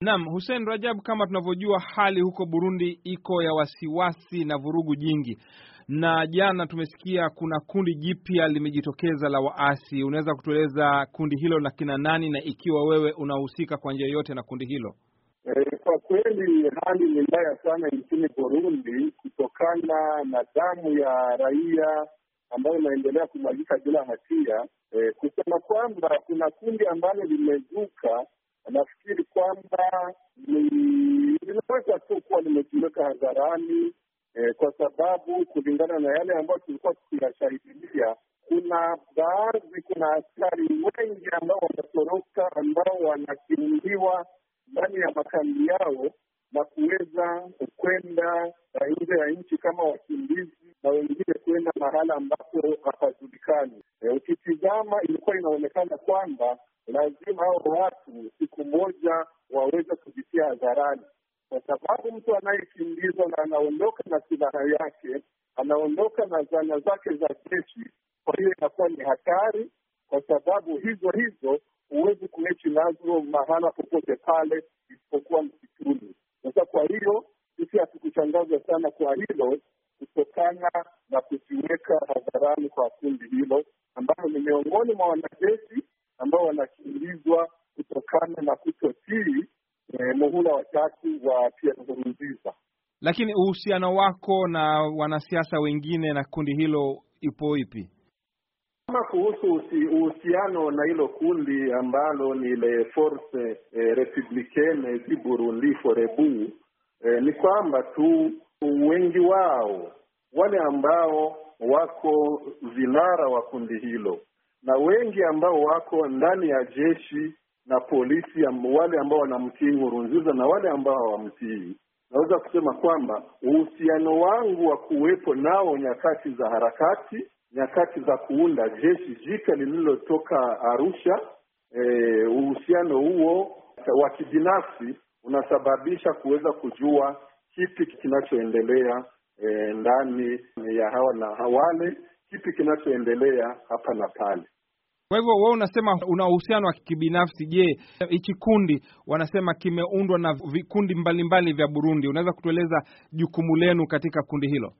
Naam, Hussein Rajab, kama tunavyojua hali huko Burundi iko ya wasiwasi na vurugu jingi, na jana tumesikia kuna kundi jipya limejitokeza la waasi. Unaweza kutueleza kundi hilo la kina nani, na ikiwa wewe unahusika kwa njia yoyote na kundi hilo? E, kwa kweli hali ni mbaya sana nchini Burundi kutokana na damu ya raia ambayo inaendelea kumwagika bila hatia. E, kusema kwamba kuna kundi ambalo limezuka Nafikiri kwamba linaweza tu kuwa limejiweka hadharani eh, kwa sababu kulingana na yale ambayo tulikuwa tukiyashahidilia kuna baadhi, kuna askari wengi ambao wanatoroka, ambao wanakiundiwa ndani ya makambi yao na kuweza kwenda eh, nje ya nchi kama wakimbizi na wengine kwenda mahala ambapo hapajulikani. Eh, ukitizama, ilikuwa inaonekana kwamba lazima hao mmoja waweze kujitia hadharani, kwa sababu mtu anayekimbizwa na anaondoka na silaha yake, anaondoka na zana zake za jeshi. Kwa hiyo inakuwa ni hatari, kwa sababu hizo hizo huwezi kuishi nazo mahala popote pale isipokuwa msituni. Sasa kwa hiyo sisi hatukushangazwa sana kwa hilo kutokana na kujiweka hadharani kwa kundi hilo ambalo ni miongoni mwa wanajeshi ambao wanakimbizwa kutokana na kutotii eh, muhula watatu wa Pierre Nkurunziza. Lakini uhusiano wako na wanasiasa wengine na kundi hilo ipo ipi? Kama kuhusu uhusiano na hilo kundi ambalo ni le force eh, republicaine du Burundi forebu eh, ni kwamba tu wengi wao wale ambao wako vinara wa kundi hilo na wengi ambao wako ndani ya jeshi na polisi wale ambao wanamtii Nkurunziza na wale ambao hawamtii, naweza kusema kwamba uhusiano wangu wa kuwepo nao nyakati za harakati, nyakati za kuunda jeshi jika lililotoka Arusha, e, uhusiano huo wa kibinafsi unasababisha kuweza kujua kipi kinachoendelea e, ndani ya hawa na hawale, kipi kinachoendelea hapa na pale. Kwa hivyo wewe unasema una uhusiano wa kibinafsi. Je, hichi kundi wanasema kimeundwa na vikundi mbalimbali vya Burundi, unaweza kutueleza jukumu lenu katika kundi hilo?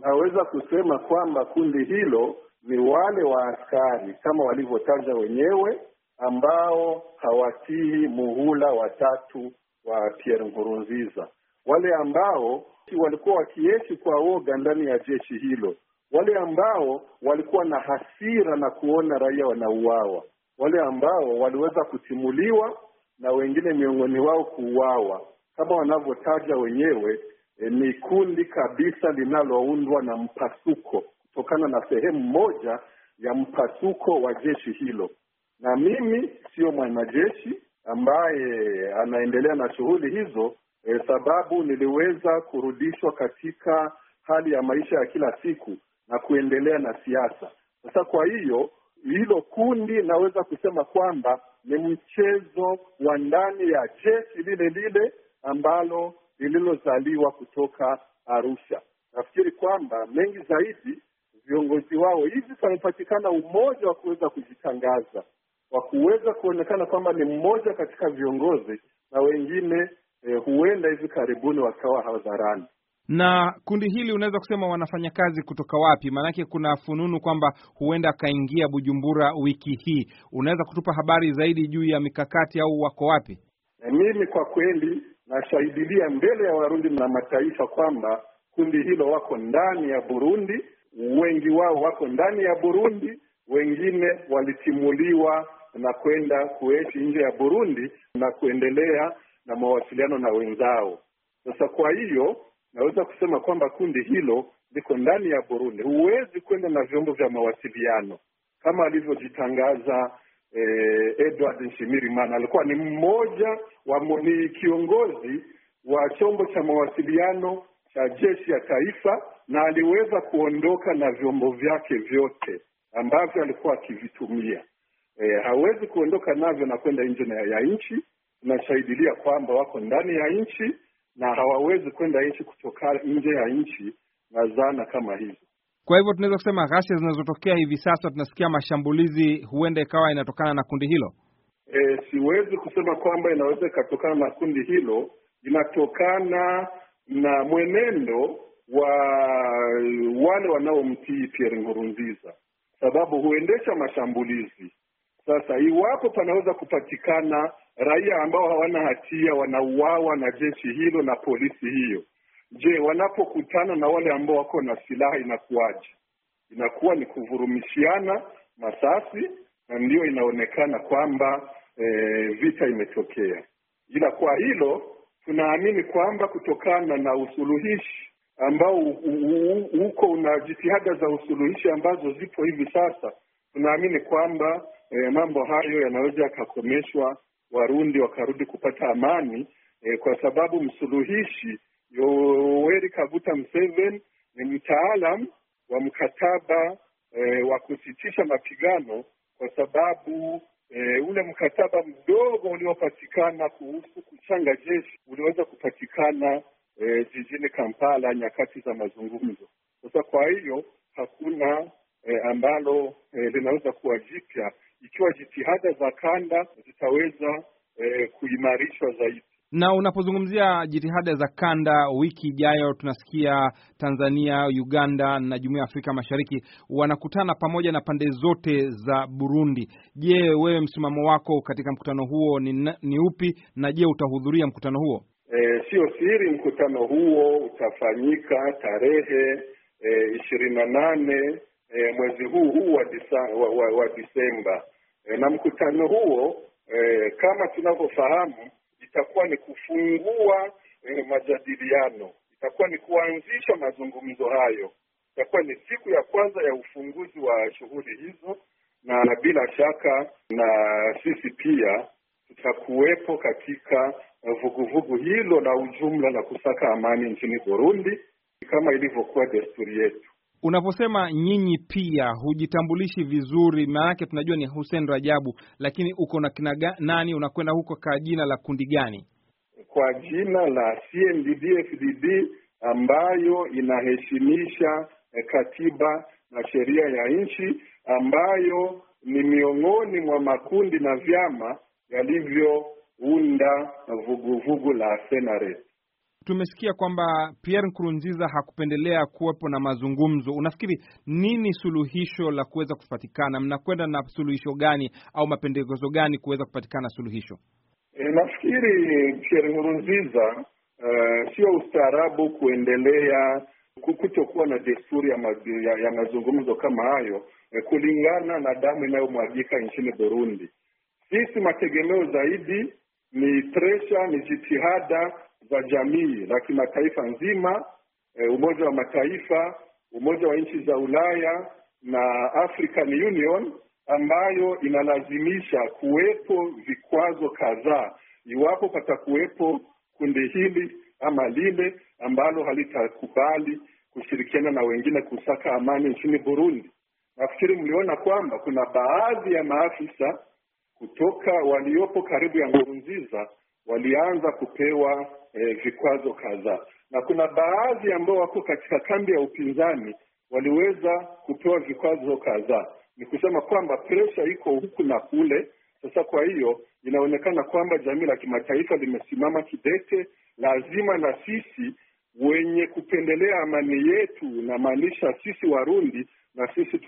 Naweza kusema kwamba kundi hilo ni wale wa askari kama walivyotaja wenyewe ambao hawatii muhula watatu wa Pierre Nkurunziza, wale ambao walikuwa wakiishi kwa woga ndani ya jeshi hilo wale ambao walikuwa na hasira na kuona raia wanauawa, wale ambao waliweza kutimuliwa na wengine miongoni wao kuuawa, kama wanavyotaja wenyewe e, ni kundi kabisa linaloundwa na mpasuko kutokana na sehemu moja ya mpasuko wa jeshi hilo. Na mimi siyo mwanajeshi ambaye anaendelea na shughuli hizo e, sababu niliweza kurudishwa katika hali ya maisha ya kila siku na kuendelea na siasa. Sasa kwa hiyo hilo kundi naweza kusema kwamba ni mchezo wa ndani ya jeshi lile lile ambalo lililozaliwa kutoka Arusha. Nafikiri kwamba mengi zaidi viongozi wao hivi pamepatikana umoja wa kuweza kujitangaza, wa kuweza kuonekana kwamba ni mmoja katika viongozi na wengine eh, huenda hivi karibuni wakawa hadharani. Na kundi hili unaweza kusema wanafanya kazi kutoka wapi? Maanake kuna fununu kwamba huenda akaingia Bujumbura wiki hii. Unaweza kutupa habari zaidi juu ya mikakati au wako wapi? Mimi kwa kweli nashahidilia mbele ya Warundi na mataifa kwamba kundi hilo wako ndani ya Burundi, wengi wao wako ndani ya Burundi, wengine walitimuliwa na kwenda kuishi nje ya Burundi na kuendelea na mawasiliano na wenzao. Sasa kwa hiyo naweza kusema kwamba kundi hilo liko ndani ya Burundi. Huwezi kwenda na vyombo vya mawasiliano kama alivyojitangaza eh, Edward Nshimirimana. Alikuwa ni mmoja wa ni kiongozi wa chombo cha mawasiliano cha jeshi ya taifa, na aliweza kuondoka na vyombo vyake vyote ambavyo alikuwa akivitumia. Eh, hawezi kuondoka navyo na kwenda nje ya nchi. Tunashahidilia kwamba wako ndani ya nchi na hawawezi kwenda nchi kutoka nje ya nchi na zana kama hizo. Kwa hivyo tunaweza kusema ghasia zinazotokea hivi sasa, tunasikia mashambulizi, huenda ikawa inatokana na kundi hilo. E, siwezi kusema kwamba inaweza ikatokana na kundi hilo, inatokana na mwenendo wa wale wanaomtii Pierre Nkurunziza, sababu huendesha mashambulizi. Sasa iwapo panaweza kupatikana raia ambao hawana hatia wanauawa na jeshi hilo na polisi hiyo. Je, wanapokutana na wale ambao wako na silaha inakuwaje? Inakuwa ni kuvurumishiana masasi, na ndiyo inaonekana kwamba e, vita imetokea. Ila kwa hilo tunaamini kwamba kutokana na usuluhishi ambao huko una jitihada za usuluhishi ambazo zipo hivi sasa, tunaamini kwamba e, mambo hayo yanaweza yakakomeshwa Warundi wakarudi kupata amani e, kwa sababu msuluhishi Yoweri Kaguta Museveni ni mtaalam wa mkataba e, wa kusitisha mapigano kwa sababu e, ule mkataba mdogo uliopatikana kuhusu kuchanga jeshi uliweza kupatikana e, jijini Kampala nyakati za mazungumzo. Sasa kwa hiyo hakuna e, ambalo e, linaweza kuwa jipya ikiwa jitihada za kanda zitaweza e, kuimarishwa zaidi. Na unapozungumzia jitihada za kanda, wiki ijayo tunasikia Tanzania, Uganda na Jumuiya ya Afrika Mashariki wanakutana pamoja na pande zote za Burundi. Je, wewe msimamo wako katika mkutano huo ni, ni upi na je utahudhuria mkutano huo? E, sio siri mkutano huo utafanyika tarehe eh, ishirini na nane wa, wa, wa Disemba e, na mkutano huo e, kama tunavyofahamu itakuwa ni kufungua e, majadiliano, itakuwa ni kuanzisha mazungumzo hayo, itakuwa ni siku ya kwanza ya ufunguzi wa shughuli hizo, na bila shaka na sisi pia tutakuwepo katika vuguvugu hilo la ujumla la kusaka amani nchini Burundi kama ilivyokuwa desturi yetu. Unaposema nyinyi pia hujitambulishi vizuri, maanake tunajua ni Hussein Rajabu, lakini uko na kina nani? Unakwenda huko kwa jina la kundi gani? Kwa jina la CNDD FDD ambayo inaheshimisha eh, katiba na sheria ya nchi, ambayo ni miongoni mwa makundi na vyama yalivyounda vuguvugu la Senaret. Tumesikia kwamba Pierre Nkurunziza hakupendelea kuwepo na mazungumzo. Unafikiri nini suluhisho la kuweza kupatikana? Mnakwenda na suluhisho gani au mapendekezo gani kuweza kupatikana suluhisho? E, nafikiri Pierre Nkurunziza uh, sio ustaarabu kuendelea kutokuwa na desturi ya, ya, ya mazungumzo kama hayo eh, kulingana na damu inayomwagika nchini Burundi. Sisi mategemeo zaidi ni presha, ni jitihada za jamii la kimataifa nzima, e, Umoja wa Mataifa, Umoja wa Nchi za Ulaya na African Union ambayo inalazimisha kuwepo vikwazo kadhaa iwapo patakuwepo kundi hili ama lile ambalo halitakubali kushirikiana na wengine kusaka amani nchini Burundi. Nafikiri mliona kwamba kuna baadhi ya maafisa kutoka waliopo karibu ya Nkurunziza walianza kupewa eh, vikwazo kadhaa, na kuna baadhi ambao wako katika kambi ya upinzani waliweza kupewa vikwazo kadhaa. Ni kusema kwamba presha iko huku na kule. Sasa kwa hiyo inaonekana kwamba jamii la kimataifa limesimama kidete. Lazima na sisi wenye kupendelea amani yetu, namaanisha sisi Warundi, na sisi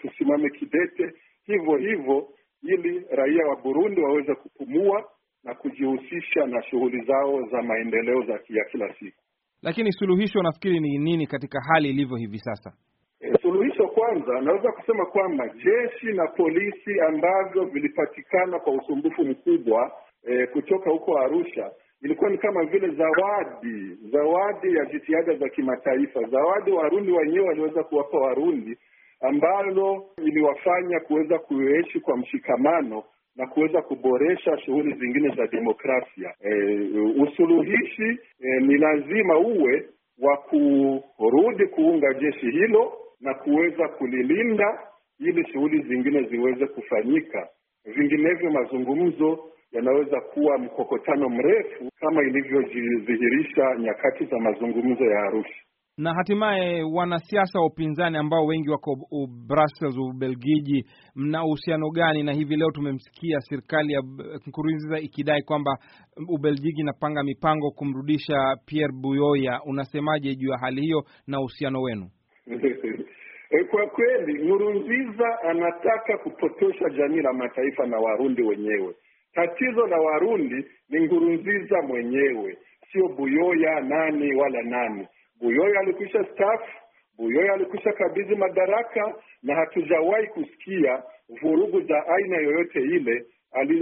tusimame kidete hivyo hivyo, ili raia wa Burundi waweze kupumua na kujihusisha na shughuli zao za maendeleo za ya kila siku. Lakini suluhisho nafikiri ni nini katika hali ilivyo hivi sasa? E, suluhisho kwanza naweza kusema kwamba jeshi na polisi ambavyo vilipatikana kwa usumbufu mkubwa e, kutoka huko Arusha ilikuwa ni kama vile zawadi, zawadi ya jitihada za kimataifa, zawadi Warundi wenyewe waliweza kuwapa Warundi ambalo iliwafanya kuweza kuishi kwa mshikamano na kuweza kuboresha shughuli zingine za demokrasia. E, usuluhishi e, ni lazima uwe wa kurudi kuunga jeshi hilo na kuweza kulilinda ili shughuli zingine ziweze kufanyika. Vinginevyo mazungumzo yanaweza kuwa mkokotano mrefu kama ilivyojidhihirisha nyakati za mazungumzo ya Arusha na hatimaye wanasiasa wa upinzani ambao wengi wako Brussels, Ubelgiji, mna uhusiano gani? Na hivi leo tumemsikia serikali ya Nkurunziza ikidai kwamba Ubelgiji inapanga mipango kumrudisha Pierre Buyoya. Unasemaje juu ya hali hiyo na uhusiano wenu? Eh, kwa kweli, Nkurunziza anataka kupotosha jamii la mataifa na Warundi wenyewe. Tatizo la Warundi ni Nkurunziza mwenyewe, sio Buyoya nani wala nani Buyoya alikwisha staff, Buyoya alikwisha kabidhi madaraka, na hatujawahi kusikia vurugu za aina yoyote ile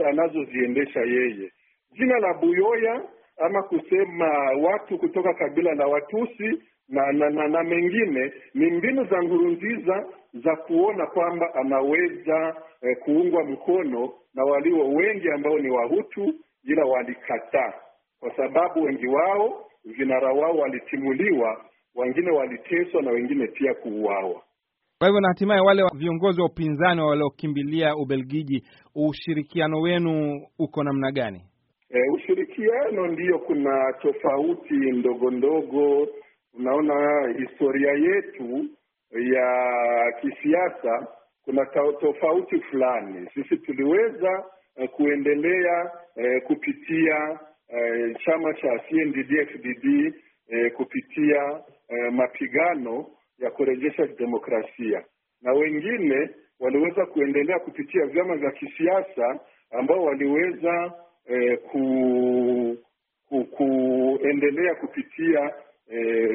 anazoziendesha yeye. Jina la Buyoya ama kusema watu kutoka kabila la Watusi na na, na, na mengine ni mbinu za Ngurunziza za kuona kwamba anaweza eh, kuungwa mkono na walio wengi ambao ni Wahutu, ila walikataa kwa sababu wengi wao vinara wao walitimuliwa, wengine waliteswa na wengine pia kuuawa. Kwa hivyo na hatimaye wale viongozi wa upinzani waliokimbilia Ubelgiji, ushirikiano wenu uko namna gani? E, ushirikiano ndiyo, kuna tofauti ndogo ndogo. Unaona historia yetu ya kisiasa, kuna tofauti fulani. Sisi tuliweza eh, kuendelea e, kupitia eh, chama cha CNDD-FDD eh, kupitia eh, mapigano ya kurejesha demokrasia, na wengine waliweza kuendelea kupitia vyama vya kisiasa ambao waliweza eh, ku, ku, kuendelea kupitia eh,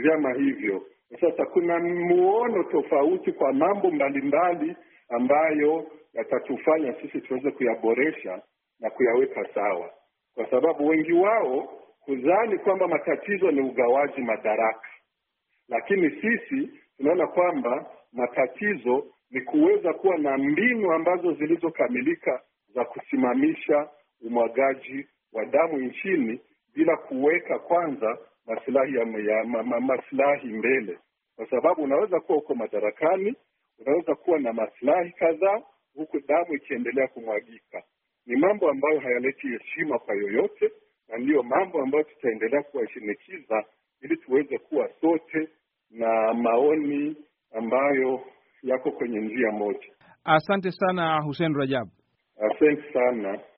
vyama hivyo. Sasa kuna muono tofauti kwa mambo mbalimbali ambayo yatatufanya sisi tuweze kuyaboresha na kuyaweka sawa kwa sababu wengi wao hudhani kwamba matatizo ni ugawaji madaraka, lakini sisi tunaona kwamba matatizo ni kuweza kuwa na mbinu ambazo zilizokamilika za kusimamisha umwagaji wa damu nchini bila kuweka kwanza maslahi ya, ya ma, ma, maslahi mbele, kwa sababu unaweza kuwa uko madarakani, unaweza kuwa na maslahi kadhaa huku damu ikiendelea kumwagika ni mambo ambayo hayaleti heshima kwa yoyote, na ndiyo mambo ambayo tutaendelea kuwashinikiza ili tuweze kuwa sote na maoni ambayo yako kwenye njia moja. Asante sana Hussein Rajab. Asante sana.